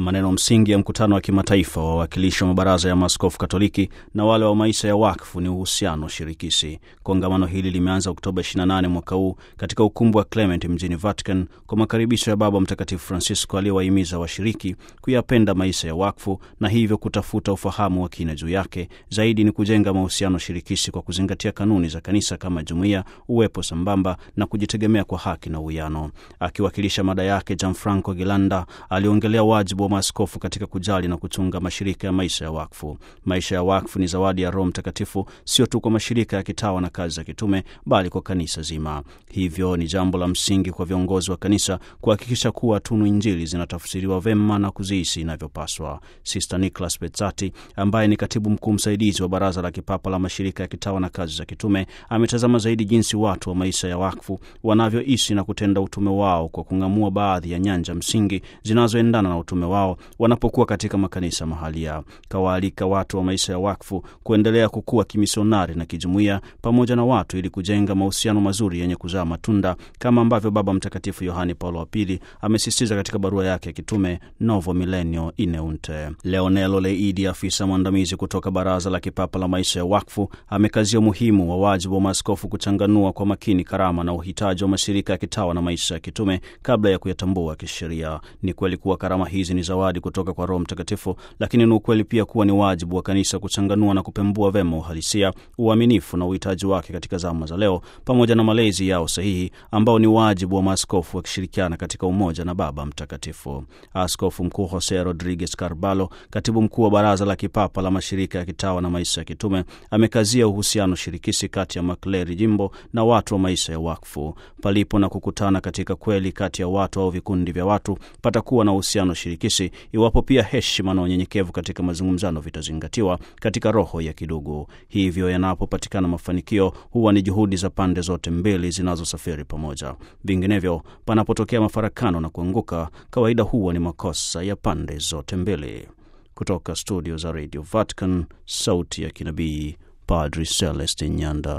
maneno msingi ya mkutano wa kimataifa wa wawakilishi wa mabaraza ya maskofu Katoliki na wale wa maisha ya wakfu ni uhusiano shirikisi. Kongamano hili limeanza Oktoba 28 mwaka huu katika ukumbi wa Clement mjini Vatican kwa makaribisho ya Baba Mtakatifu Francisco aliyewahimiza washiriki kuyapenda maisha ya wakfu na hivyo kutafuta ufahamu wa kina juu yake. Zaidi ni kujenga mahusiano shirikisi kwa kuzingatia kanuni za kanisa kama jumuiya, uwepo sambamba na kujitegemea kwa haki na uwiano. Akiwakilisha mada yake, Gianfranco Gilanda aliongelea wajibu maaskofu katika kujali na kuchunga mashirika ya maisha ya wakfu. Maisha ya wakfu ni zawadi ya Roho Mtakatifu, sio tu kwa mashirika ya kitawa na kazi za kitume, bali kwa kanisa zima. Hivyo ni jambo la msingi kwa viongozi wa kanisa kuhakikisha kuwa tunu Injili zinatafsiriwa vema na kuziishi inavyopaswa. Sister nicolas petsati ambaye ni katibu mkuu msaidizi wa Baraza la Kipapa la Mashirika ya Kitawa na Kazi za Kitume ametazama zaidi jinsi watu wa maisha ya wakfu wanavyoishi na kutenda utume wao kwa kung'amua baadhi ya nyanja msingi zinazoendana na utume wao wao wanapokuwa katika makanisa mahali yao. Kawaalika watu wa maisha ya wakfu kuendelea kukua kimisionari na kijumuia pamoja na watu, ili kujenga mahusiano mazuri yenye kuzaa matunda kama ambavyo Baba Mtakatifu yohani Paulo wa Pili amesistiza katika barua yake ya kitume Novo milenio Ineunte. Leonelo Leidi, afisa mwandamizi kutoka Baraza la Kipapa la Maisha ya Wakfu, amekazia umuhimu wa wajibu wa maaskofu kuchanganua kwa makini karama na uhitaji wa mashirika ya kitawa na maisha ya kitume kabla ya kuyatambua kisheria. Ni kweli kuwa karama hizi ni zawadi kutoka kwa Roho Mtakatifu, lakini ni ukweli pia kuwa ni wajibu wa kanisa kuchanganua na kupembua vema uhalisia, uaminifu na uhitaji wake katika zama za leo, pamoja na malezi yao sahihi, ambao ni wajibu wa maaskofu wakishirikiana katika umoja na Baba Mtakatifu. Askofu Mkuu Jose Rodriguez Carbalo, katibu mkuu wa Baraza la Kipapa la Mashirika ya Kitawa na Maisha ya Kitume, amekazia uhusiano shirikisi kati ya makleri jimbo na watu wa maisha ya wakfu. Palipo na kukutana katika kweli kati ya watu au vikundi vya watu, patakuwa na uhusiano shirikisi taasisi iwapo pia heshima na unyenyekevu katika mazungumzano vitazingatiwa katika roho ya kidugu. Hivyo yanapopatikana mafanikio, huwa ni juhudi za pande zote mbili zinazosafiri pamoja. Vinginevyo, panapotokea mafarakano na kuanguka, kawaida huwa ni makosa ya pande zote mbili. Kutoka studio za Radio Vatican, sauti ya kinabii, Padri Celestin Nyanda.